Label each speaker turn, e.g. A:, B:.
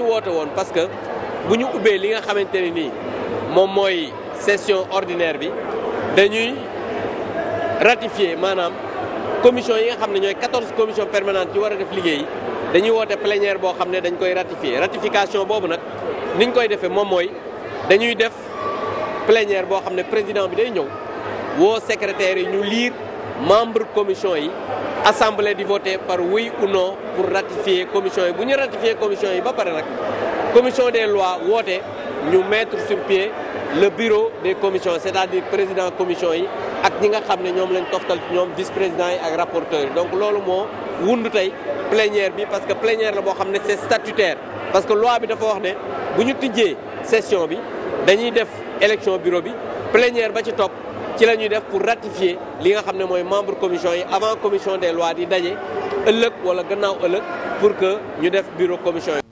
A: ci woote woon parce que bu ñu ubbee li nga xamante ne nii moom mooy session ordinaire bi dañuy ratifier maanaam commission yi nga xam ne ñooy 14 commission permanente ci war a def liggéey dañuy woote plénière boo xam ne dañ koy ratifier ratification boobu nag niñ koy defee moom mooy dañuy def plénière boo xam ne président bi day ñëw woo secrétaire yi ñu liir membre commission yi assemblée di voter par oui ou pour ratifier commission yi bu ñu ratifier commission yi ba pare nag commission de loi woote ñu mettre sur pied le bureau des commissions c'est-à-dire président commission yi ak ñi nga xam ne ñoom lañ toftal ci ñoom vice président yi ak rapporteur yi donc loolu moo wund tey plénière bi parce que plénière la boo xam ne c'est statutaire parce que loi bi dafa wax ne bu ñu tijjee session bi dañuy def élection bureau bi plénière ba ci topp ci la ñuy def pour ratifier li nga xam ne mooy membre commission yi avant commission des lois di daje ëllëg wala gannaaw ëllëg pour que ñu def bureau commission yi.